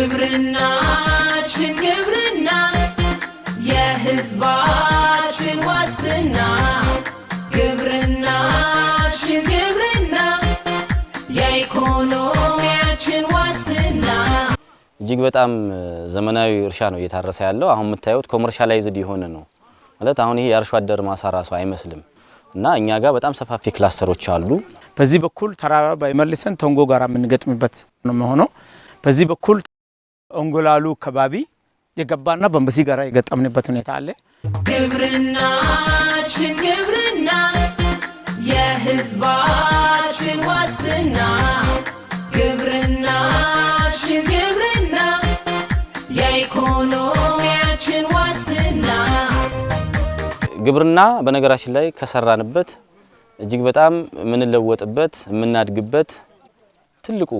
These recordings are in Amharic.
ግብርናችን ግብርና የህዝባችን ዋስትና ግብርናችን ግብርና የኢኮኖሚያችን ዋስትና። እጅግ በጣም ዘመናዊ እርሻ ነው እየታረሰ ያለው። አሁን የምታዩት ኮመርሻላይዝድ የሆነ ነው ማለት አሁን ይሄ የአርሶ አደር ማሳ ራሱ አይመስልም። እና እኛ ጋር በጣም ሰፋፊ ክላስተሮች አሉ። በዚህ በኩል ተራራ ባይመልሰን ተንጎ ጋር የምንገጥምበት ነው መሆነው በዚህ በኩል እንጎላሉ አካባቢ የገባና በእምብሲ ጋራ የገጠምንበት ሁኔታ አለ። ግብርናችን ግብርና የህዝባችን ዋስትና፣ ግብርናችን ግብርና የኢኮኖሚያችን ዋስትና። ግብርና በነገራችን ላይ ከሰራንበት እጅግ በጣም የምንለወጥበት የምናድግበት ትልቁ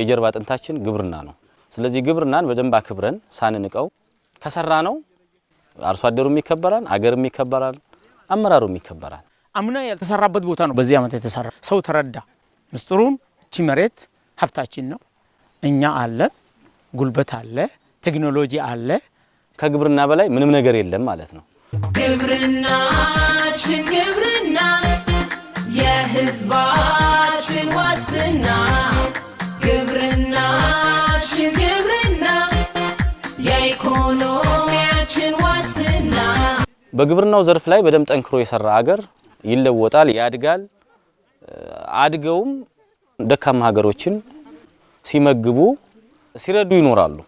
የጀርባ አጥንታችን ግብርና ነው። ስለዚህ ግብርናን በደንብ አክብረን ሳንንቀው ከሰራ ነው አርሶ አደሩም ይከበራል፣ አገርም ይከበራል፣ አመራሩም ይከበራል። አምና ያልተሰራበት ቦታ ነው በዚህ ዓመት የተሰራ። ሰው ተረዳ ምስጢሩን። እቺ መሬት ሀብታችን ነው። እኛ አለ ጉልበት አለ፣ ቴክኖሎጂ አለ። ከግብርና በላይ ምንም ነገር የለም ማለት ነው። ግብርናችን ግብርና የህዝባችን ዋስትና በግብርናው ዘርፍ ላይ በደንብ ጠንክሮ የሰራ ሀገር ይለወጣል፣ ያድጋል። አድገውም ደካማ ሀገሮችን ሲመግቡ ሲረዱ ይኖራሉ።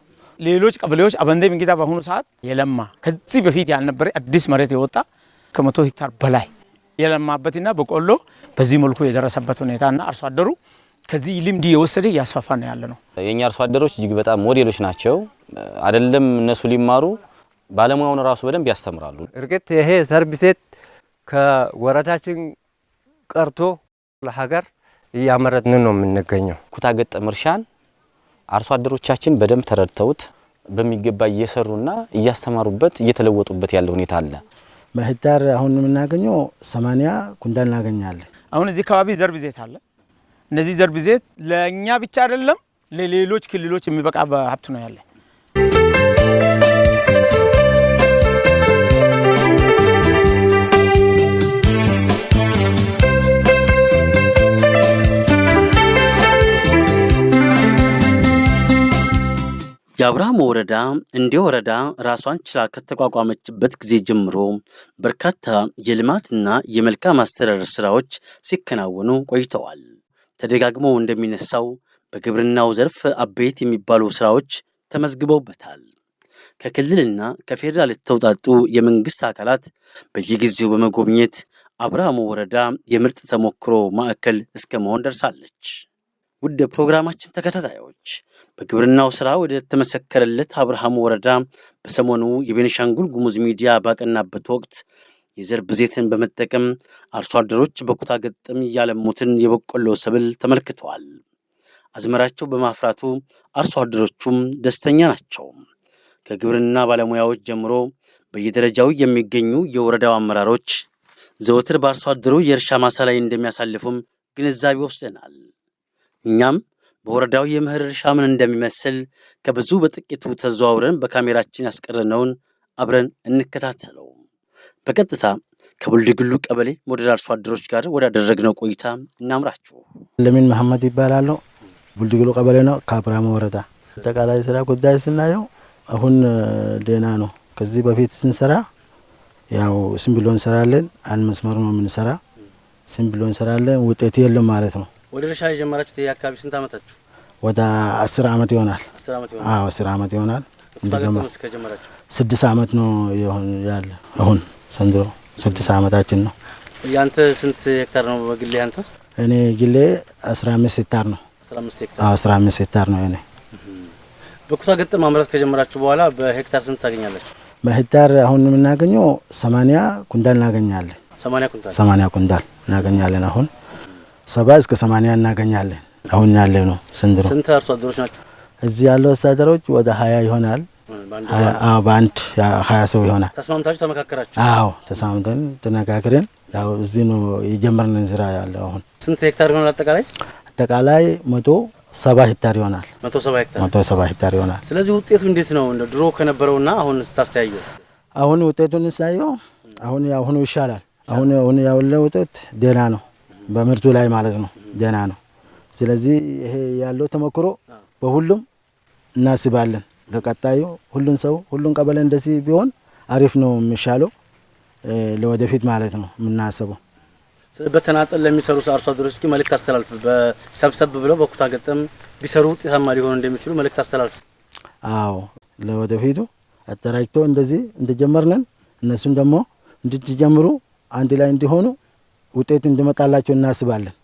ሌሎች ቀበሌዎች አበንዴ ምንጌታ በአሁኑ ሰዓት የለማ ከዚህ በፊት ያልነበረ አዲስ መሬት የወጣ ከመቶ ሄክታር በላይ የለማበትና በቆሎ በዚህ መልኩ የደረሰበት ሁኔታና አርሶ አደሩ ከዚህ ልምድ የወሰደ እያስፋፋ ነው ያለ ነው። የእኛ አርሶ አደሮች እጅግ በጣም ሞዴሎች ናቸው። አይደለም እነሱ ሊማሩ ባለሙያውን ራሱ በደንብ ያስተምራሉ። እርግጥ ይሄ ሰርቪሴት ከወረዳችን ቀርቶ ለሀገር እያመረትን ነው የምንገኘው። ኩታገጠም እርሻን አርሶ አደሮቻችን በደንብ ተረድተውት በሚገባ እየሰሩና እያስተማሩበት እየተለወጡበት ያለ ሁኔታ አለ። በሄክታር አሁን የምናገኘው ሰማንያ ኩንታል እናገኛለን። አሁን እዚህ አካባቢ ዘርብ ዜት አለ። እነዚህ ዘርብ ዜት ለእኛ ብቻ አይደለም ለሌሎች ክልሎች የሚበቃ በሀብት ነው ያለ የአብርሃም ወረዳ እንደ ወረዳ ራሷን ችላ ከተቋቋመችበት ጊዜ ጀምሮ በርካታ የልማትና የመልካም አስተዳደር ስራዎች ሲከናወኑ ቆይተዋል። ተደጋግሞ እንደሚነሳው በግብርናው ዘርፍ አበይት የሚባሉ ስራዎች ተመዝግበውበታል። ከክልልና ከፌዴራል የተውጣጡ የመንግስት አካላት በየጊዜው በመጎብኘት አብርሃም ወረዳ የምርጥ ተሞክሮ ማዕከል እስከ መሆን ደርሳለች። ውድ ፕሮግራማችን ተከታታዮች በግብርናው ስራ ወደ ተመሰከረለት አብርሃም ወረዳ በሰሞኑ የቤኒሻንጉል ጉሙዝ ሚዲያ ባቀናበት ወቅት የዘር ብዜትን በመጠቀም አርሶ አደሮች በኩታ ገጠም ያለሙትን የበቆሎ ሰብል ተመልክተዋል። አዝመራቸው በማፍራቱ አርሶ አደሮቹም ደስተኛ ናቸው። ከግብርና ባለሙያዎች ጀምሮ በየደረጃው የሚገኙ የወረዳው አመራሮች ዘወትር በአርሶ አደሩ የእርሻ ማሳ ላይ እንደሚያሳልፉም ግንዛቤ ወስደናል። እኛም በወረዳው የምህር እርሻ ምን እንደሚመስል ከብዙ በጥቂቱ ተዘዋውረን በካሜራችን ያስቀረነውን አብረን እንከታተለው። በቀጥታ ከቡልድግሉ ቀበሌ ሞዴል አርሶ አደሮች ጋር ወዳደረግነው ቆይታ እናምራችሁ። ለሚን መሐመድ ይባላለሁ። ቡልድግሉ ቀበሌ ነው ከአብርሃም ወረዳ። አጠቃላይ ስራ ጉዳይ ስናየው አሁን ደህና ነው። ከዚህ በፊት ስንሰራ ያው ስንብሎ እንሰራለን። አንድ መስመር ነው የምንሰራ። ስንብሎ እንሰራለን። ውጤት የለም ማለት ነው ወደ እርሻ የጀመራችሁት ይሄ አካባቢ ስንት አመታችሁ? ወደ አስር አመት ይሆናል። አዎ አስር አመት ይሆናል። ስድስት አመት ነው ያለ አሁን ዘንድሮ ስድስት አመታችን ነው። ያንተ ስንት ሄክታር ነው በግሌ ያንተ? እኔ ግሌ አስራ አምስት ሄክታር ነው። አስራ አምስት ሄክታር ነው እኔ በኩታ ገጠም ማምረት ከጀመራችሁ በኋላ በሄክታር ስንት ታገኛለች? በሄክታር አሁን የምናገኘው ሰማኒያ ኩንታል እናገኛለን። ሰማኒያ ኩንታል እናገኛለን አሁን ሰባ እስከ ሰማንያ እናገኛለን። አሁን ያለ ነው ስንድሮ። ስንት አርሶ አደሮች ናቸው እዚህ ያለው? አርሶ አደሮች ወደ ሀያ ይሆናል። በአንድ ሀያ ሰው ይሆናል። ተስማምታችሁ ተመካከራችሁ? አዎ ተስማምተን ተነጋግረን ያው እዚህ ነው የጀመርነን ስራ ያለ። አሁን ስንት ሄክታር ይሆናል አጠቃላይ? አጠቃላይ መቶ ሰባ ሄክታር ይሆናል። መቶ ሰባ ሄክታር ይሆናል። ስለዚህ ውጤቱ እንዴት ነው እንደ ድሮ ከነበረውና አሁን ስታስተያየው? አሁን ውጤቱን ሳየው አሁን ያሁኑ ይሻላል። አሁን አሁን ያው ውጤት ደህና ነው። በምርቱ ላይ ማለት ነው ደህና ነው። ስለዚህ ይሄ ያለው ተሞክሮ በሁሉም እናስባለን። ለቀጣዩ ሁሉን ሰው ሁሉን ቀበሌ እንደዚህ ቢሆን አሪፍ ነው የሚሻለው ለወደፊት ማለት ነው የምናስበው። በተናጠል ለሚሰሩ አርሶ አደሮች እስኪ መልእክት አስተላልፍ። በሰብሰብ ብለው በኩታ ገጠም ቢሰሩ ውጤታማ ሊሆኑ እንደሚችሉ መልእክት አስተላልፍ። አዎ ለወደፊቱ አደራጅቶ እንደዚህ እንደጀመርነን እነሱም ደግሞ እንድትጀምሩ አንድ ላይ እንዲሆኑ ውጤት እንድመጣላቸው እናስባለን።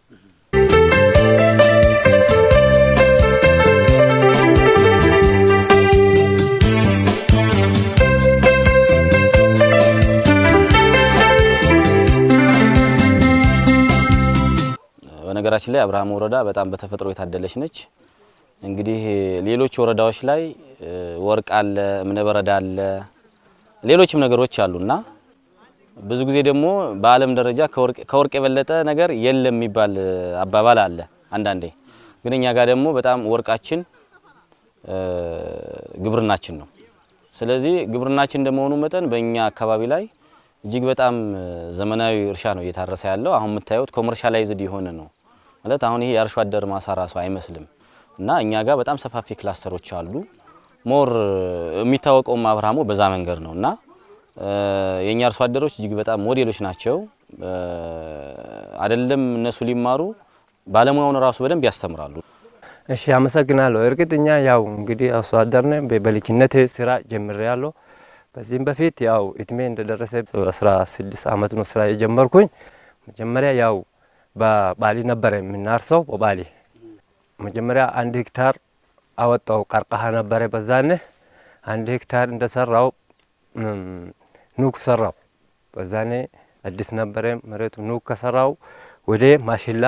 በነገራችን ላይ አብርሃም ወረዳ በጣም በተፈጥሮ የታደለች ነች። እንግዲህ ሌሎች ወረዳዎች ላይ ወርቅ አለ፣ እብነበረድ አለ፣ ሌሎችም ነገሮች አሉና ብዙ ጊዜ ደግሞ በዓለም ደረጃ ከወርቅ የበለጠ ነገር የለም የሚባል አባባል አለ። አንዳንዴ ግን እኛ ጋር ደግሞ በጣም ወርቃችን ግብርናችን ነው። ስለዚህ ግብርናችን እንደመሆኑ መጠን በእኛ አካባቢ ላይ እጅግ በጣም ዘመናዊ እርሻ ነው እየታረሰ ያለው። አሁን የምታዩት ኮመርሻላይዝድ የሆነ ነው ማለት አሁን ይሄ የአርሶ አደር ማሳ ራሱ አይመስልም። እና እኛ ጋር በጣም ሰፋፊ ክላስተሮች አሉ። ሞር የሚታወቀውም አብርሃሞ በዛ መንገድ ነው እና የኛ አርሶ አደሮች እጅግ በጣም ሞዴሎች ናቸው። አይደለም እነሱ ሊማሩ ባለሙያውን ራሱ በደንብ ያስተምራሉ። እሺ፣ አመሰግናለሁ። እርግጠኛ ያው እንግዲህ አርሶ አደር ነኝ። በበልኪነት ስራ ጀምሬያለሁ። በዚህም በፊት ያው እድሜ እንደደረሰ 16 አመት ነው ስራ የጀመርኩኝ። መጀመሪያ ያው በባሊ ነበረ የምናርሰው። በባሊ መጀመሪያ አንድ ሄክታር አወጣው ቀርቀሃ ነበረ በዛነ አንድ ሄክታር እንደሰራው ኑክ ሰራው። በዛኔ አዲስ ነበረ መሬቱ። ኑክ ከሰራው ወደ ማሽላ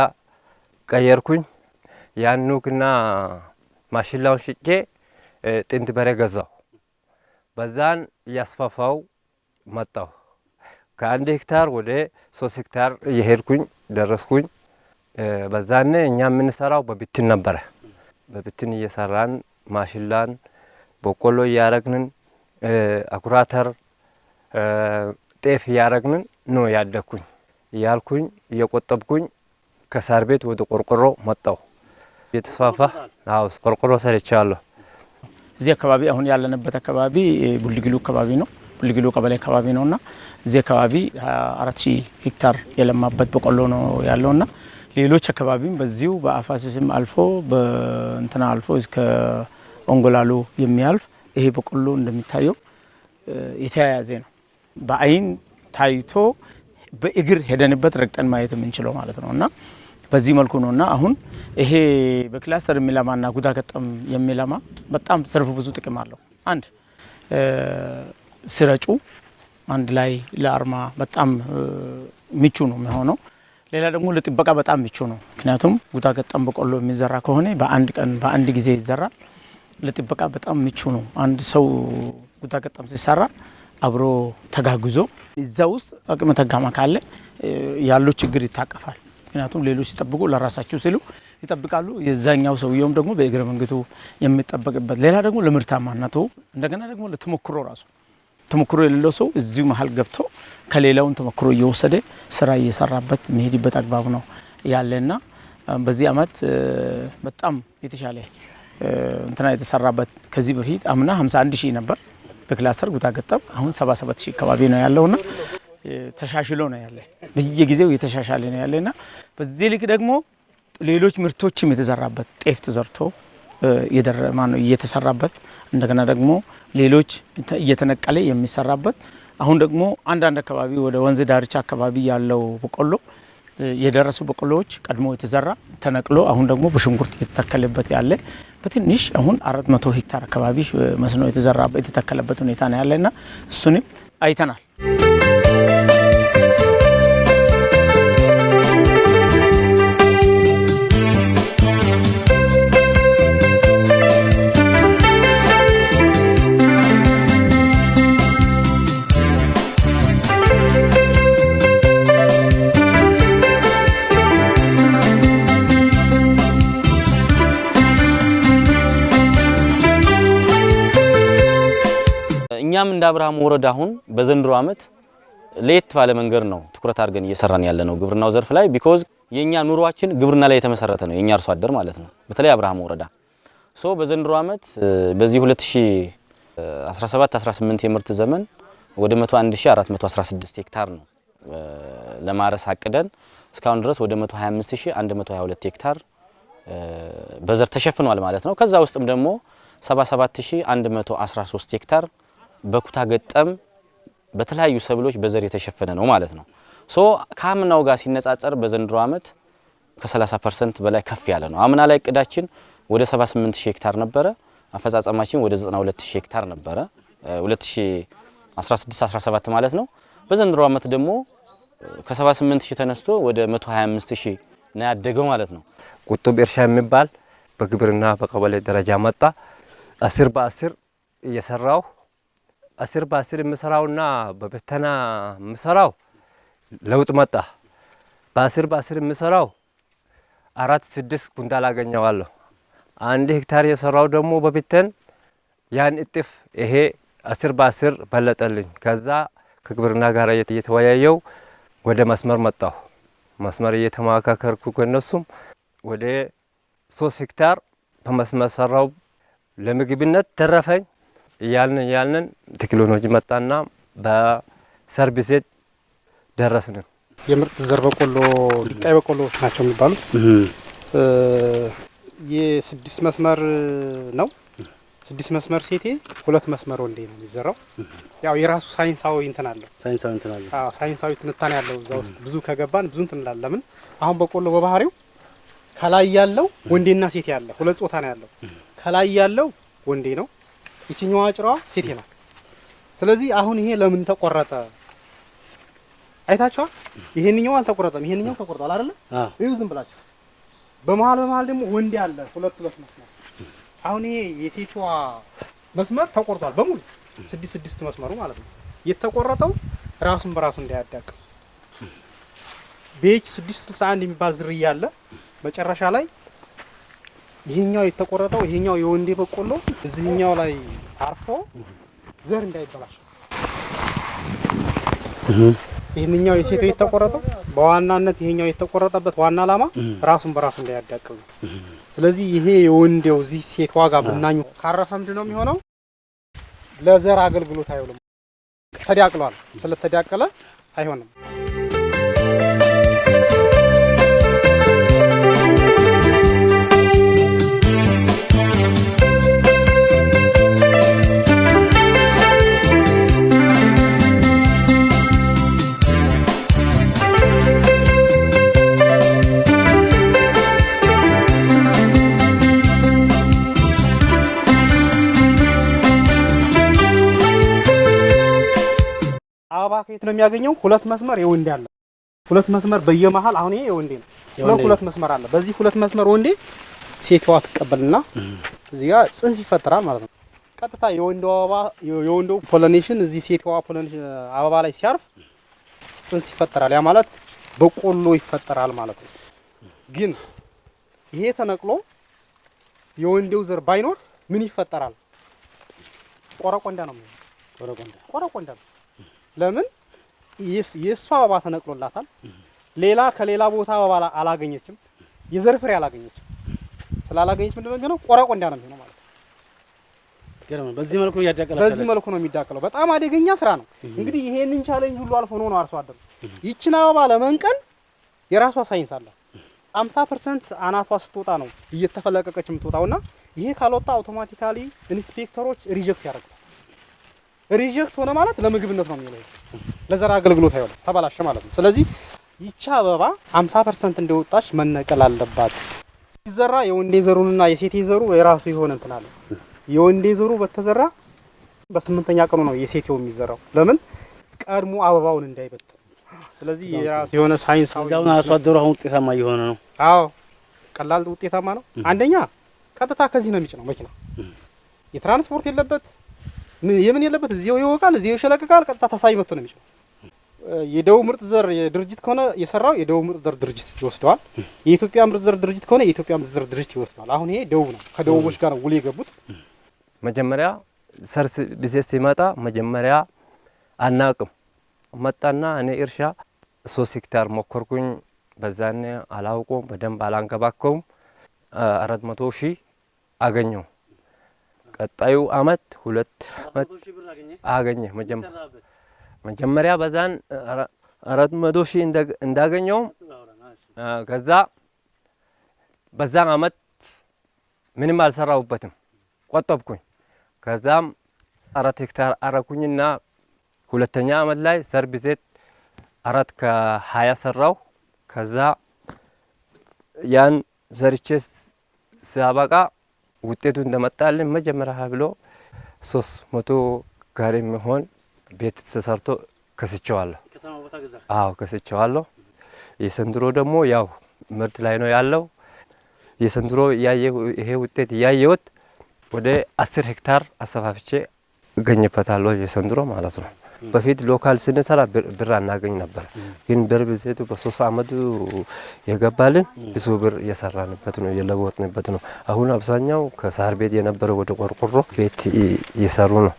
ቀየርኩኝ። ያን ኑክና ማሽላውን ሽጬ ጥንት በሬ ገዛው። በዛን እያስፋፋው መጣሁ። ከአንድ ሄክታር ወደ ሶስት ሄክታር እየሄድኩኝ ደረስኩኝ። በዛኔ እኛ የምንሰራው በብትን ነበረ። በብትን እየሰራን ማሽላን በቆሎ እያረግንን አኩራተር ጤፍ እያረግንን ነው ያደግኩኝ እያልኩኝ እየቆጠብኩኝ ከሳር ቤት ወደ ቆርቆሮ መጣሁ። የተስፋፋ አዎ ቆርቆሮ ሰርቻለሁ። እዚህ አካባቢ አሁን ያለንበት አካባቢ ቡልድግሉ አካባቢ ነው። ቡልድግሉ ቀበሌ አካባቢ ነው እና እዚህ አካባቢ 24 ሄክታር የለማበት በቆሎ ነው ያለው እና ሌሎች አካባቢም በዚሁ በአፋሲስም አልፎ በእንትና አልፎ እስከ ኦንጎላሎ የሚያልፍ ይሄ በቆሎ እንደሚታየው የተያያዘ ነው። በአይን ታይቶ በእግር ሄደንበት ረግጠን ማየት የምንችለው ማለት ነው እና በዚህ መልኩ ነው እና አሁን ይሄ በክላስተር የሚለማና ጉዳ ገጠም የሚለማ በጣም ዘርፈ ብዙ ጥቅም አለው። አንድ ስረጩ አንድ ላይ ለአርማ በጣም ምቹ ነው የሚሆነው። ሌላ ደግሞ ለጥበቃ በጣም ምቹ ነው። ምክንያቱም ጉዳ ገጠም በቆሎ የሚዘራ ከሆነ በአንድ ቀን በአንድ ጊዜ ይዘራል። ለጥበቃ በጣም ምቹ ነው። አንድ ሰው ጉዳ ገጠም ሲሰራ አብሮ ተጋግዞ እዛ ውስጥ አቅመ ተጋማ ካለ ያለው ችግር ይታቀፋል። ምክንያቱም ሌሎች ሲጠብቁ ለራሳቸው ሲሉ ይጠብቃሉ። የዛኛው ሰውየውም ደግሞ በእግረ መንገዱ የሚጠበቅበት ሌላ ደግሞ ለምርታማነቱ እንደገና ደግሞ ለተሞክሮ ራሱ ተሞክሮ የሌለው ሰው እዚሁ መሀል ገብቶ ከሌላውን ተሞክሮ እየወሰደ ስራ እየሰራበት የሚሄድበት አግባብ ነው ያለና በዚህ አመት በጣም የተሻለ እንትና የተሰራበት ከዚህ በፊት አምና 51 ሺህ ነበር። በክላስተር ገጠም አሁን 77 ሺህ አካባቢ ነው ያለውና ተሻሽሎ ነው ያለ በየጊዜው የተሻሻለ ነው ያለና በዚህ ልክ ደግሞ ሌሎች ምርቶችም የተዘራበት ጤፍ ተዘርቶ የደረማ ነው እየተሰራበት እንደገና ደግሞ ሌሎች እየተነቀለ የሚሰራበት አሁን ደግሞ አንዳንድ አካባቢ ወደ ወንዝ ዳርቻ አካባቢ ያለው በቆሎ የደረሱ በቆሎዎች ቀድሞ የተዘራ ተነቅሎ አሁን ደግሞ በሽንኩርት የተተከለበት ያለ በትንሽ አሁን አራት መቶ ሄክታር አካባቢ መስኖ የተዘራ የተተከለበት ሁኔታ ነው ያለና እሱንም አይተናል። እኛም እንደ አብርሃም ወረዳ አሁን በዘንድሮ ዓመት ለየት ባለ መንገድ ነው ትኩረት አድርገን እየሰራን ያለ ነው ግብርናው ዘርፍ ላይ ቢኮዝ የኛ ኑሯችን ግብርና ላይ የተመሰረተ ነው። የኛ አርሶ አደር ማለት ነው። በተለይ አብርሃም ወረዳ ሶ በዘንድሮ ዓመት በዚህ 2017 18 የምርት ዘመን ወደ 101416 ሄክታር ነው ለማረስ አቅደን እስካሁን ድረስ ወደ 125122 ሄክታር በዘር ተሸፍኗል ማለት ነው። ከዛ ውስጥም ደግሞ 77113 ሄክታር በኩታ ገጠም በተለያዩ ሰብሎች በዘር የተሸፈነ ነው ማለት ነው። ሶ ከአምናው ጋር ሲነጻጸር በዘንድሮ ዓመት ከ30 ፐርሰንት በላይ ከፍ ያለ ነው። አምና ላይ እቅዳችን ወደ 78 ሺህ ሄክታር ነበረ። አፈጻጸማችን ወደ 92 ሺህ ሄክታር ነበረ 2016 17 ማለት ነው። በዘንድሮ ዓመት ደግሞ ከ78 ሺህ ተነስቶ ወደ 125 ሺህ ነው ያደገው ማለት ነው። ቁጡብ እርሻ የሚባል በግብርና በቀበሌ ደረጃ መጣ። አስር በአስር እየሰራው አስር በአስር የምሰራውና በፈተና የምሰራው ለውጥ መጣ። በአስር በአስር የምሰራው አራት ስድስት ኩንታል አገኘዋለሁ። አንድ ሄክታር የሰራው ደግሞ በፊተን ያን እጥፍ ይሄ አስር በአስር በለጠልኝ። ከዛ ከግብርና ጋር እየተወያየው ወደ መስመር መጣሁ። መስመር እየተማካከርኩ ከነሱም ወደ ሶስት ሄክታር በመስመር ሰራው። ለምግብነት ተረፈኝ። እያልን እያልን ቴክኖሎጂ መጣና በሰርቪሴት ደረስን። የምርጥ ዘር በቆሎ ድቃይ በቆሎ ናቸው የሚባሉት። የስድስት መስመር ነው። ስድስት መስመር ሴቴ፣ ሁለት መስመር ወንዴ ነው የሚዘራው። ያው የራሱ ሳይንሳዊ እንትን አለው፣ ሳይንሳዊ እንትን አለው። አዎ ሳይንሳዊ ትንታኔ ያለው እዛ ውስጥ ብዙ ከገባን ብዙ እንትን እንላለን። ለምን አሁን በቆሎ በባህሪው ከላይ ያለው ወንዴና ሴቴ ያለ ሁለት ጾታ ነው ያለው። ከላይ ያለው ወንዴ ነው ይችኛዋ ጭራዋ ሴቴ ናት። ስለዚህ አሁን ይሄ ለምን ተቆረጠ? አይታችኋል? ይሄንኛው አልተቆረጠም፣ ይሄንኛው ተቆርጧል አይደለ? እዩ ዝም ብላችሁ። በመሀል በመሀል ደግሞ ወንድ ያለ ሁለት ሁለት መስመር። አሁን ይሄ የሴቷ መስመር ተቆርጧል በሙሉ ስድስት ስድስት መስመሩ ማለት ነው። የተቆረጠው ራሱን በራሱ እንዳያዳቅም ቤች ስድስት ስልሳ አንድ የሚባል ዝርያ አለ መጨረሻ ላይ ይሄኛው የተቆረጠው ይሄኛው የወንዴ በቆሎ እዚህኛው ላይ አርፎ ዘር እንዳይበላሽ ይህንኛው የሴት የተቆረጠው በዋናነት ይሄኛው የተቆረጠበት ዋና ዓላማ ራሱን በራሱ እንዳያዳቅም ስለዚህ ይሄ የወንዴው እዚህ ሴት ዋጋ ብናኙ ካረፈ ምንድን ነው የሚሆነው? ለዘር አገልግሎት አይውልም። ተዳቅሏል። ስለተዳቀለ አይሆንም። አበባ ከየት ነው የሚያገኘው? ሁለት መስመር የወንዴ አለ። ሁለት መስመር በየመሀል አሁን ይሄ የወንዴ ነው። ሁለት መስመር አለ። በዚህ ሁለት መስመር ወንዴ ሴትዋ ትቀበልና እዚህ ጋር ጽንስ ይፈጠራል ማለት ነው። ቀጥታ የወንዶ አበባ የወንዶ ፖለኔሽን እዚህ ሴትዋ ፖለኔሽን አበባ ላይ ሲያርፍ ጽንስ ይፈጠራል። ያ ማለት በቆሎ ይፈጠራል ማለት ነው። ግን ይሄ ተነቅሎ የወንዴው ዘር ባይኖር ምን ይፈጠራል? ቆረቆንዳ ነው። ቆረቆንዳ ቆረቆንዳ ነው። ለምን የእሷ አበባ ተነቅሎላታል። ሌላ ከሌላ ቦታ አበባ አላገኘችም። የዘር ፍሬ አላገኘችም። ስላላገኘች ምንድን ነው ገና ቆራቆ እንዳ ነው የሚሆነው ማለት በዚህ መልኩ ነው በዚህ መልኩ ነው የሚዳቀለው። በጣም አደገኛ ስራ ነው። እንግዲህ ይሄንን ቻሌንጅ ሁሉ አልፎ ነው አርሶ አደሩ ይችን አበባ ለመንቀል የራሷ ሳይንስ አለ። 50% አናቷ ስትወጣ ነው እየተፈለቀቀች የምትወጣውና ይሄ ካልወጣ አውቶማቲካሊ ኢንስፔክተሮች ሪጀክት ያደርጉታል። ሪጀክት ሆነ ማለት ለምግብነት ነው የሚለው ለዘራ አገልግሎት አይሆንም፣ ተበላሸ ማለት ነው። ስለዚህ ይቺ አበባ 50% እንደወጣች መነቀል አለባት። ሲዘራ የወንዴ ዘሩንና የሴቴ ዘሩ የራሱ የሆነ እንትን አለ። የወንዴ ዘሩ በተዘራ በስምንተኛ ቀኑ ነው የሴቴው የሚዘራው። ለምን ቀድሞ አበባውን እንዳይበትን። ስለዚህ የራሱ የሆነ ሳይንስ አሁን አርሶ አደሩ አሁን ውጤታማ እየሆነ ነው። አዎ ቀላል ውጤታማ ነው። አንደኛ ቀጥታ ከዚህ ነው የሚጭነው መኪና፣ የትራንስፖርት የለበት የምን የለበት እዚው ይወቃል፣ እዚው ይሸለቅቃል። ቀጥታ ተሳይ መጥቶ ነው የሚችለው። የደቡብ ምርጥ ዘር ድርጅት ከሆነ የሰራው የደቡብ ምርጥ ዘር ድርጅት ይወስደዋል። የኢትዮጵያ ምርጥ ዘር ድርጅት ከሆነ የኢትዮጵያ ምርጥ ዘር ድርጅት ይወስደዋል። አሁን ይሄ ደቡብ ነው፣ ከደቡቦች ጋር ነው ውል የገቡት። መጀመሪያ ሰርስ ቢሴት ሲመጣ መጀመሪያ አናቅም መጣና እኔ እርሻ ሶስት ሄክታር ሞከርኩኝ። በዛኔ አላውቆም በደንብ አላንከባከውም። አራት መቶ ሺህ አገኘው ቀጣዩ አመት ሁለት አመት አገኘ። መጀመሪያ በዛን አራት መቶ ሺህ እንዳገኘው ከዛ በዛን አመት ምንም አልሰራሁበትም፣ ቆጠብኩኝ። ከዛም አራት ሄክታር አረኩኝና ሁለተኛ አመት ላይ ሰርቢሴት አራት ከሀያ ሰራው። ከዛ ያን ዘርቼ ሲያበቃ ውጤቱ እንደመጣልን መጀመሪያ ብሎ ሶስት መቶ ጋሪ የሚሆን ቤት ተሰርቶ ከስቸዋለሁ። አዎ ከስቸዋለሁ። የሰንድሮ ደግሞ ያው ምርት ላይ ነው ያለው። የሰንድሮ ይሄ ውጤት እያየሁት ወደ አስር ሄክታር አሰፋፍቼ እገኝበታለሁ የሰንድሮ ማለት ነው። በፊት ሎካል ስንሰራ ብር አናገኝ ነበር። ግን ብር ብዜቱ በሶስት አመቱ የገባልን ብዙ ብር እየሰራንበት ነው እየለወጥንበት ነው። አሁን አብዛኛው ከሳር ቤት የነበረ ወደ ቆርቆሮ ቤት እየሰሩ ነው።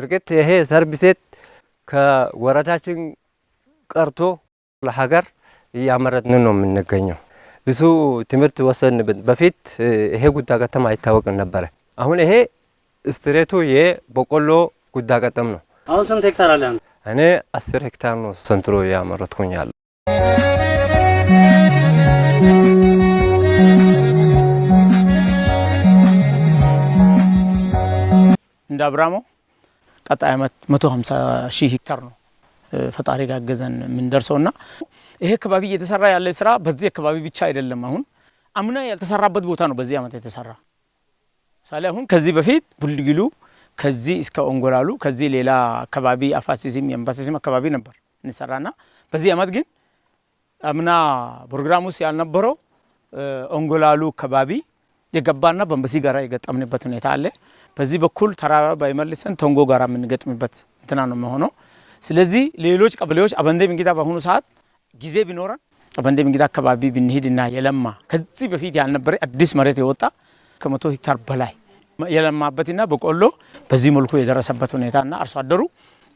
እርግጥ ይሄ ሰርቪሴት ከወረዳችን ቀርቶ ለሀገር እያመረትን ነው የምንገኘው። ብዙ ትምህርት ወሰን በፊት ይሄ ጉዳ ገጠም አይታወቅም ነበረ። አሁን ይሄ ስትሬቱ የበቆሎ ጉዳ ገጠም ነው። አሁን ስንት ሄክታር አለ? እኔ አስር ሄክታር ነው ሰንትሮ እያመረትኩኝ ያለ እንደ አብራሞ ቀጣይ ዓመት 150 ሺህ ሄክታር ነው ፈጣሪ ጋገዘን የምንደርሰው እና ይሄ አካባቢ እየተሰራ ያለ ስራ በዚህ አካባቢ ብቻ አይደለም። አሁን አምና ያልተሰራበት ቦታ ነው በዚህ ዓመት የተሰራ ሳሌ አሁን ከዚህ በፊት ቡልግሉ ከዚህ እስከ ኦንጎላሉ ከዚህ ሌላ አካባቢ አፋሲሲም የምባሲሲም አካባቢ ነበር እንሰራና በዚህ ዓመት ግን አምና ፕሮግራም ውስጥ ያልነበረው ኦንጎላሉ አካባቢ የገባና በእምበሲ ጋራ የገጠምንበት ሁኔታ አለ። በዚህ በኩል ተራራ ባይመልሰን ተንጎ ጋራ የምንገጥምበት እንትና ነው መሆነው። ስለዚህ ሌሎች ቀበሌዎች አበንዴ ሚንጊዳ በአሁኑ ሰዓት ጊዜ ቢኖረን አበንዴ ሚንጊዳ አካባቢ ብንሄድና የለማ ከዚህ በፊት ያልነበረ አዲስ መሬት የወጣ ከመቶ ሄክታር በላይ የለማበትና በቆሎ በዚህ መልኩ የደረሰበት ሁኔታና አርሶ አደሩ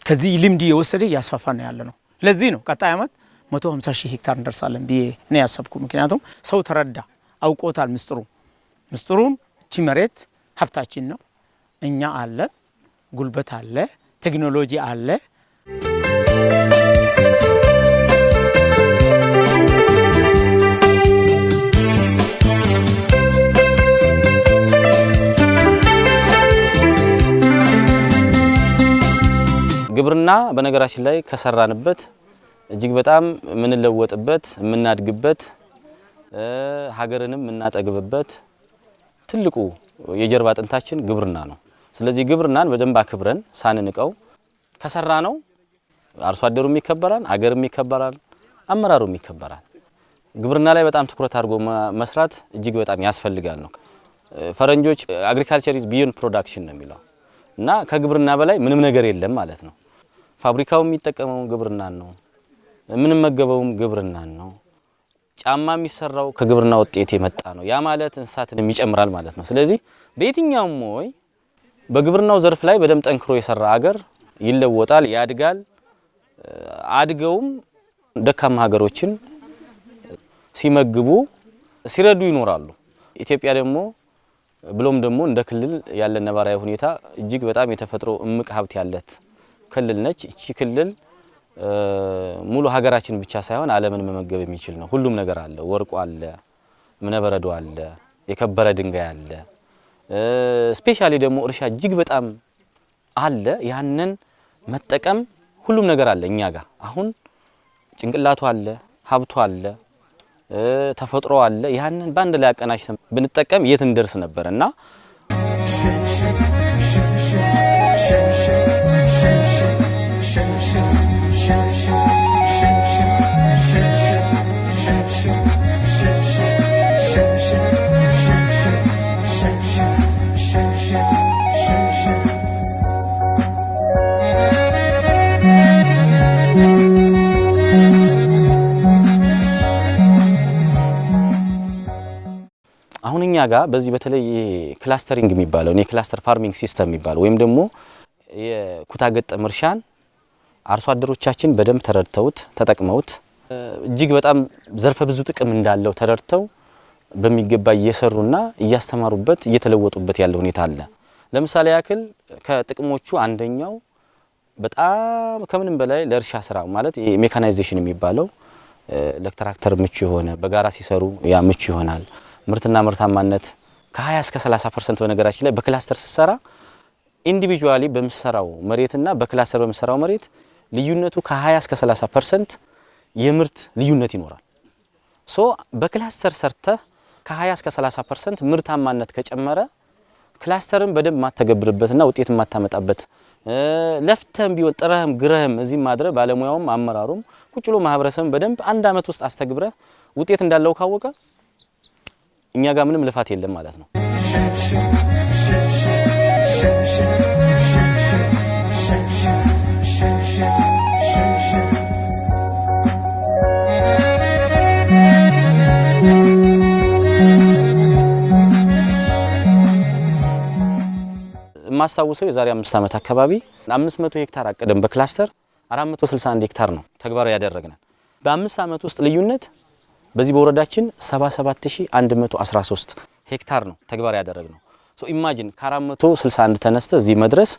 ከዚህ ልምድ የወሰደ እያስፋፋ ነው ያለ ነው። ለዚህ ነው ቀጣይ ዓመት 150 ሺህ ሄክታር እንደርሳለን ብዬ ነው ያሰብኩ። ምክንያቱም ሰው ተረዳ አውቆታል ምስጥሩ ምስጢሩም እቺ መሬት ሀብታችን ነው። እኛ አለ፣ ጉልበት አለ፣ ቴክኖሎጂ አለ። ግብርና በነገራችን ላይ ከሰራንበት እጅግ በጣም የምንለወጥበት የምናድግበት ሀገርንም የምናጠግብበት ትልቁ የጀርባ አጥንታችን ግብርና ነው። ስለዚህ ግብርናን በደንብ አክብረን ሳንንቀው ከሰራ ነው አርሶ አደሩም ይከበራል፣ አገርም ይከበራል፣ አመራሩም ይከበራል። ግብርና ላይ በጣም ትኩረት አድርጎ መስራት እጅግ በጣም ያስፈልጋል ነው ፈረንጆች አግሪካልቸር ኢዝ ቢዮንድ ፕሮዳክሽን ነው የሚለው እና ከግብርና በላይ ምንም ነገር የለም ማለት ነው። ፋብሪካው የሚጠቀመው ግብርናን ነው፣ የምንመገበውም ግብርናን ነው። ጫማ የሚሰራው ከግብርና ውጤት የመጣ ነው። ያ ማለት እንስሳትንም ይጨምራል ማለት ነው። ስለዚህ በየትኛውም ወይ በግብርናው ዘርፍ ላይ በደንብ ጠንክሮ የሰራ አገር ይለወጣል፣ ያድጋል። አድገውም ደካማ ሀገሮችን ሲመግቡ ሲረዱ ይኖራሉ። ኢትዮጵያ ደግሞ ብሎም ደግሞ እንደ ክልል ያለ ነባራዊ ሁኔታ እጅግ በጣም የተፈጥሮ እምቅ ሀብት ያለት ክልል ነች። እቺ ክልል ሙሉ ሀገራችን ብቻ ሳይሆን ዓለምን መመገብ የሚችል ነው። ሁሉም ነገር አለ። ወርቁ አለ፣ እብነበረዶ አለ፣ የከበረ ድንጋይ አለ። ስፔሻሊ ደግሞ እርሻ እጅግ በጣም አለ። ያንን መጠቀም ሁሉም ነገር አለ እኛ ጋር አሁን ጭንቅላቱ አለ፣ ሀብቱ አለ፣ ተፈጥሮ አለ። ያንን በአንድ ላይ አቀናጅተን ብንጠቀም የት እንደርስ ነበር እና ጋር በዚህ በተለይ ክላስተሪንግ የሚባለው የክላስተር ፋርሚንግ ሲስተም የሚባለው ወይም ደግሞ የኩታ ገጠም እርሻን አርሶ አደሮቻችን በደንብ ተረድተውት ተጠቅመውት እጅግ በጣም ዘርፈ ብዙ ጥቅም እንዳለው ተረድተው በሚገባ እየሰሩና እያስተማሩበት እየተለወጡበት ያለ ሁኔታ አለ። ለምሳሌ ያክል ከጥቅሞቹ አንደኛው በጣም ከምንም በላይ ለእርሻ ስራ ማለት ሜካናይዜሽን የሚባለው ለትራክተር ምቹ የሆነ በጋራ ሲሰሩ ያ ምቹ ይሆናል። ምርትና ምርታማነት ከ20 እስከ 30 ፐርሰንት በነገራችን ላይ በክላስተር ስትሰራ ኢንዲቪጁዋሊ በምሰራው መሬትና በክላስተር በምሰራው መሬት ልዩነቱ ከ20 እስከ 30 ፐርሰንት የምርት ልዩነት ይኖራል። ሶ በክላስተር ሰርተ ከ20 እስከ 30 ፐርሰንት ምርታማነት ከጨመረ ክላስተርን በደንብ ማተገብርበትና ውጤት ማታመጣበት ለፍተህም ቢሆን ጥረህም ግረህም እዚህ ማድረግ ባለሙያውም አመራሩም ቁጭሎ ማህበረሰብ በደንብ አንድ አመት ውስጥ አስተግብረ ውጤት እንዳለው ካወቀ እኛ ጋር ምንም ልፋት የለም ማለት ነው። የማስታውሰው የዛሬ አምስት ዓመት አካባቢ 500 ሄክታር አቅደም በክላስተር 461 ሄክታር ነው ተግባራዊ ያደረግነን። በአምስት ዓመት ውስጥ ልዩነት በዚህ በወረዳችን 77113 ሄክታር ነው ያደረግ ነው። ሶ ኢማጂን ከ461 ተነስተ እዚህ መድረስ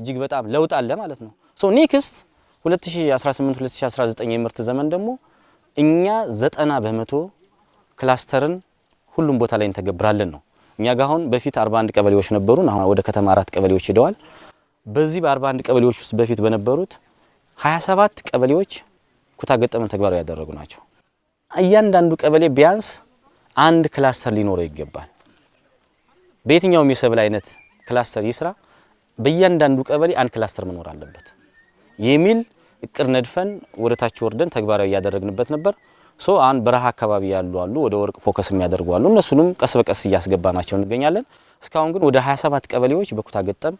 እጅግ በጣም ለውጥ አለ ማለት ነው። ሶ ኔክስት 2018 2019 የምርት ዘመን ደግሞ እኛ 90 በመቶ ክላስተርን ሁሉም ቦታ ላይ እንተገብራለን ነው። እኛ ጋር አሁን በፊት 41 ቀበሌዎች ነበሩን። አሁን ወደ ከተማ አራት ቀበሌዎች ሄደዋል። በዚህ በ41 ቀበሌዎች ውስጥ በፊት በነበሩት 27 ቀበሌዎች ኩታ ገጠመን ተግባራዊ ያደረጉ ናቸው። እያንዳንዱ ቀበሌ ቢያንስ አንድ ክላስተር ሊኖረው ይገባል። በየትኛውም የሰብል አይነት ክላስተር ይስራ፣ በእያንዳንዱ ቀበሌ አንድ ክላስተር መኖር አለበት የሚል እቅድ ነድፈን ወደ ታች ወርደን ተግባራዊ እያደረግንበት ነበር። ሶ አሁን በረሃ አካባቢ ያሉ አሉ፣ ወደ ወርቅ ፎከስ የሚያደርጉ አሉ። እነሱንም ቀስ በቀስ እያስገባናቸው እንገኛለን። እስካሁን ግን ወደ 27 ቀበሌዎች በኩታ ገጠም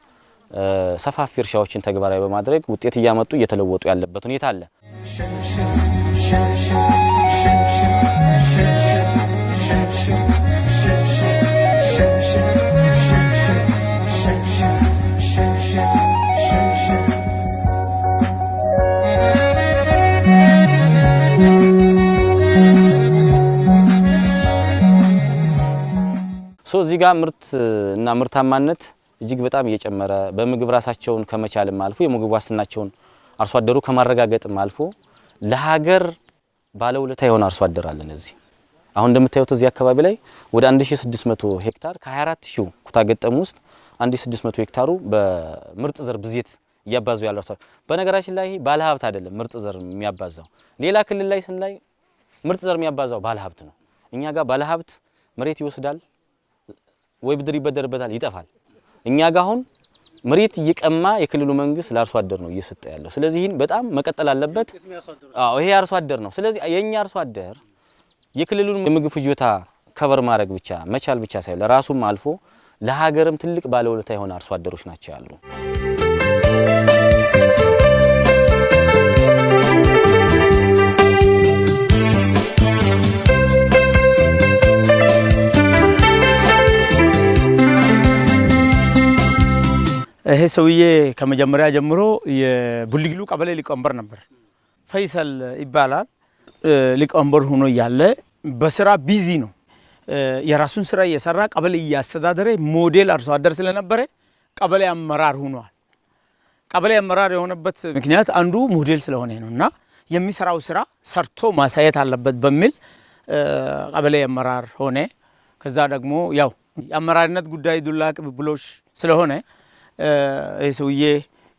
ሰፋፊ እርሻዎችን ተግባራዊ በማድረግ ውጤት እያመጡ እየተለወጡ ያለበት ሁኔታ አለ። እዚህ ጋር ምርት እና ምርታማነት እጅግ በጣም እየጨመረ በምግብ ራሳቸውን ከመቻልም አልፎ የምግብ ዋስትናቸውን አርሶ አደሩ ከማረጋገጥም አልፎ ለሀገር ባለውለታ የሆነ አርሶ አደር አለን። እዚህ አሁን እንደምታዩት እዚህ አካባቢ ላይ ወደ 1600 ሄክታር ከ24000 ኩታ ገጠም ውስጥ 1600 ሄክታሩ በምርጥ ዘር ብዜት እያባዙ ያለው አርሶ አደር። በነገራችን ላይ ባለሀብት አይደለም ምርጥ ዘር የሚያባዛው። ሌላ ክልል ላይ ስንላይ ምርጥ ዘር የሚያባዛው ባለሀብት ነው። እኛ ጋር ባለሀብት መሬት ይወስዳል ወይ ብድር ይበደርበታል፣ ይጠፋል። እኛ ጋር አሁን መሬት እየቀማ የክልሉ መንግስት ለአርሶ አደር ነው እየሰጠ ያለው። ስለዚህ ይህን በጣም መቀጠል አለበት። አዎ ይሄ አርሶ አደር ነው። ስለዚህ የእኛ አርሶ አደር የክልሉን የምግብ ፍጆታ ከበር ማድረግ ብቻ መቻል ብቻ ሳይሆን ለራሱም አልፎ ለሀገርም ትልቅ ባለውለታ የሆነ አርሶ አደሮች ናቸው ያሉ። ይሄ ሰውዬ ከመጀመሪያ ጀምሮ የቡልግሉ ቀበሌ ሊቀመንበር ነበር። ፈይሰል ይባላል። ሊቀመንበር ሆኖ እያለ በስራ ቢዚ ነው። የራሱን ስራ እየሰራ ቀበሌ እያስተዳደረ ሞዴል አርሶ አደር ስለነበረ ቀበሌ አመራር ሆኗል። ቀበሌ አመራር የሆነበት ምክንያት አንዱ ሞዴል ስለሆነ ነው እና የሚሰራው ስራ ሰርቶ ማሳየት አለበት በሚል ቀበሌ አመራር ሆነ። ከዛ ደግሞ ያው የአመራርነት ጉዳይ ዱላ ቅብብሎሽ ስለሆነ ይህ ሰውዬ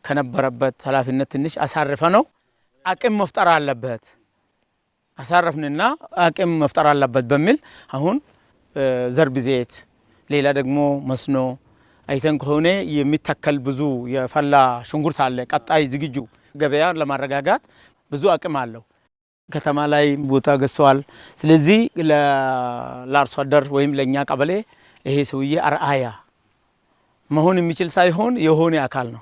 ከነበረበት ኃላፊነት ትንሽ አሳርፈ ነው አቅም መፍጠር አለበት አሳረፍንና አቅም መፍጠር አለበት በሚል አሁን ዘርብዜት ሌላ ደግሞ መስኖ አይተን ከሆነ የሚተከል ብዙ የፈላ ሽንኩርት አለ። ቀጣይ ዝግጁ ገበያ ለማረጋጋት ብዙ አቅም አለው። ከተማ ላይ ቦታ ገዝተዋል። ስለዚህ ለአርሶ አደር ወይም ለእኛ ቀበሌ ይሄ ሰውዬ አርአያ መሆን የሚችል ሳይሆን የሆነ አካል ነው።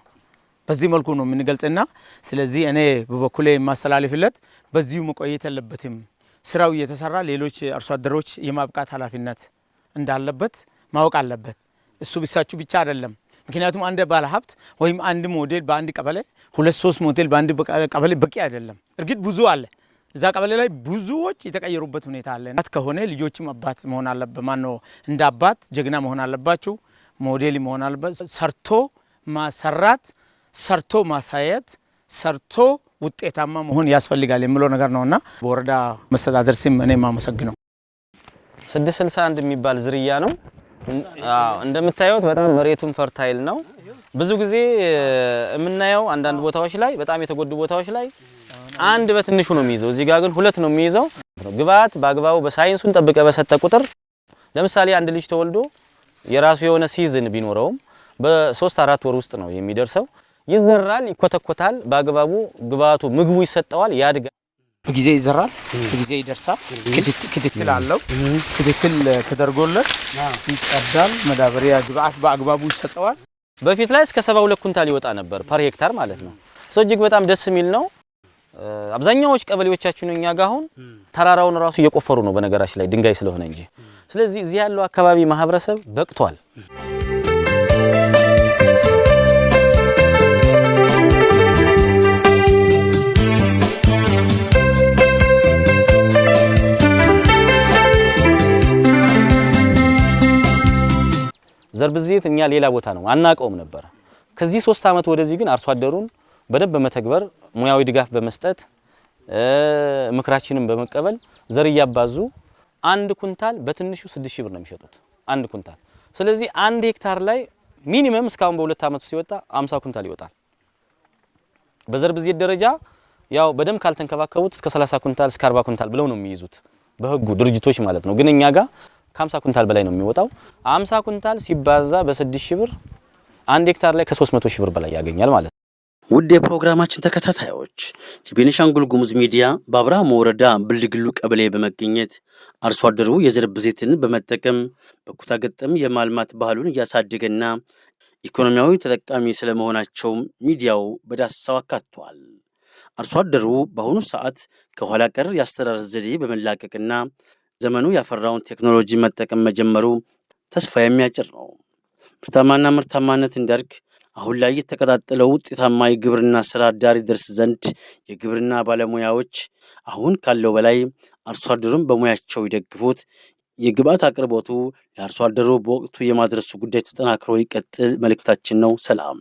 በዚህ መልኩ ነው የምንገልጽና ስለዚህ እኔ በበኩሌ የማስተላልፍለት በዚሁ መቆየት የለበትም። ስራው እየተሰራ ሌሎች አርሶ አደሮች የማብቃት ኃላፊነት እንዳለበት ማወቅ አለበት። እሱ ብሳችሁ ብቻ አይደለም። ምክንያቱም አንድ ባለ ሀብት ወይም አንድ ሞዴል በአንድ ቀበሌ ሁለት ሶስት ሞዴል በአንድ ቀበሌ በቂ አይደለም። እርግጥ ብዙ አለ፣ እዛ ቀበሌ ላይ ብዙዎች የተቀየሩበት ሁኔታ አለ። ከሆነ ልጆችም አባት መሆን አለበት። ማን እንደ አባት ጀግና መሆን አለባችሁ። ሞዴል መሆን አለበት። ሰርቶ ማሰራት፣ ሰርቶ ማሳየት፣ ሰርቶ ውጤታማ መሆን ያስፈልጋል የሚለው ነገር እና በወረዳ መስተዳደር ስም እኔ የማመሰግነው ስድስት ስልሳ አንድ የሚባል ዝርያ ነው። እንደምታዩት በጣም መሬቱን ፈርታይል ነው። ብዙ ጊዜ የምናየው አንዳንድ ቦታዎች ላይ በጣም የተጎዱ ቦታዎች ላይ አንድ በትንሹ ነው የሚይዘው፣ እዚህ ጋር ግን ሁለት ነው የሚይዘው። ግብዓት በአግባቡ በሳይንሱን ጠብቀ በሰጠ ቁጥር ለምሳሌ አንድ ልጅ ተወልዶ የራሱ የሆነ ሲዝን ቢኖረውም በሶስት አራት ወር ውስጥ ነው የሚደርሰው። ይዘራል፣ ይኮተኮታል፣ በአግባቡ ግብአቱ ምግቡ ይሰጠዋል፣ ያድጋል። በጊዜ ይዘራል፣ በጊዜ ይደርሳል። ክትትል አለው። ክትትል ተደርጎለት ይቀዳል። መዳበሪያ ግብአት በአግባቡ ይሰጠዋል። በፊት ላይ እስከ ሰባ ሁለት ኩንታል ይወጣ ነበር ፐር ሄክታር ማለት ነው። ሰው እጅግ በጣም ደስ የሚል ነው። አብዛኛዎች ቀበሌዎቻችን እኛ ጋር አሁን ተራራውን ራሱ እየቆፈሩ ነው። በነገራችን ላይ ድንጋይ ስለሆነ እንጂ ስለዚህ እዚህ ያለው አካባቢ ማህበረሰብ በቅቷል። ዘር እኛ ሌላ ቦታ ነው አናውቀውም ነበር። ከዚህ ሶስት ዓመት ወደዚህ ግን አርሶ አደሩን በደንብ በመተግበር ሙያዊ ድጋፍ በመስጠት ምክራችንን በመቀበል ዘር እያባዙ አንድ ኩንታል በትንሹ 6000 ብር ነው የሚሸጡት አንድ ኩንታል። ስለዚህ አንድ ሄክታር ላይ ሚኒመም እስካሁን በሁለት ዓመቱ ሲወጣ 50 ኩንታል ይወጣል። በዘር ብዜት ደረጃ ያው በደንብ ካልተንከባከቡት እስከ 30 ኩንታል እስከ 40 ኩንታል ብለው ነው የሚይዙት በህጉ ድርጅቶች ማለት ነው። ግን እኛ ጋር ከ50 ኩንታል በላይ ነው የሚወጣው። 50 ኩንታል ሲባዛ በ6000 ብር አንድ ሄክታር ላይ ከ300 ሺህ ብር በላይ ያገኛል ማለት ነው። ውድ የፕሮግራማችን ተከታታዮች የቤኒሻንጉል ጉሙዝ ሚዲያ በአብርሃም ወረዳ ብልድግሉ ቀበሌ በመገኘት አርሶ አደሩ የዘር ብዜትን በመጠቀም በኩታ ገጠም የማልማት ባህሉን እያሳደገና ኢኮኖሚያዊ ተጠቃሚ ስለመሆናቸው ሚዲያው በዳሰሳው አካቷል። አርሶ አደሩ በአሁኑ ሰዓት ከኋላ ቀር የአስተራረስ ዘዴ በመላቀቅና ዘመኑ ያፈራውን ቴክኖሎጂ መጠቀም መጀመሩ ተስፋ የሚያጭር ነው። ምርታማና ምርታማነት እንዲያድግ አሁን ላይ የተቀጣጠለው ውጤታማ የግብርና ስራ አዳሪ ደርስ ዘንድ የግብርና ባለሙያዎች አሁን ካለው በላይ አርሶ አደሩን በሙያቸው ይደግፉት። የግብአት አቅርቦቱ ለአርሶ አደሩ በወቅቱ የማድረሱ ጉዳይ ተጠናክሮ ይቀጥል መልእክታችን ነው። ሰላም